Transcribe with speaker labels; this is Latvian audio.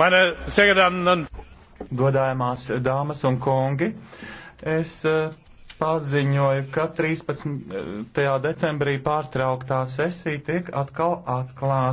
Speaker 1: Meine sehr geehrten und godājumās dāmas un kungi, es eh, paziņoju, ka 13. decembrī pārtrauktā sesija tiek atkal
Speaker 2: atklāta.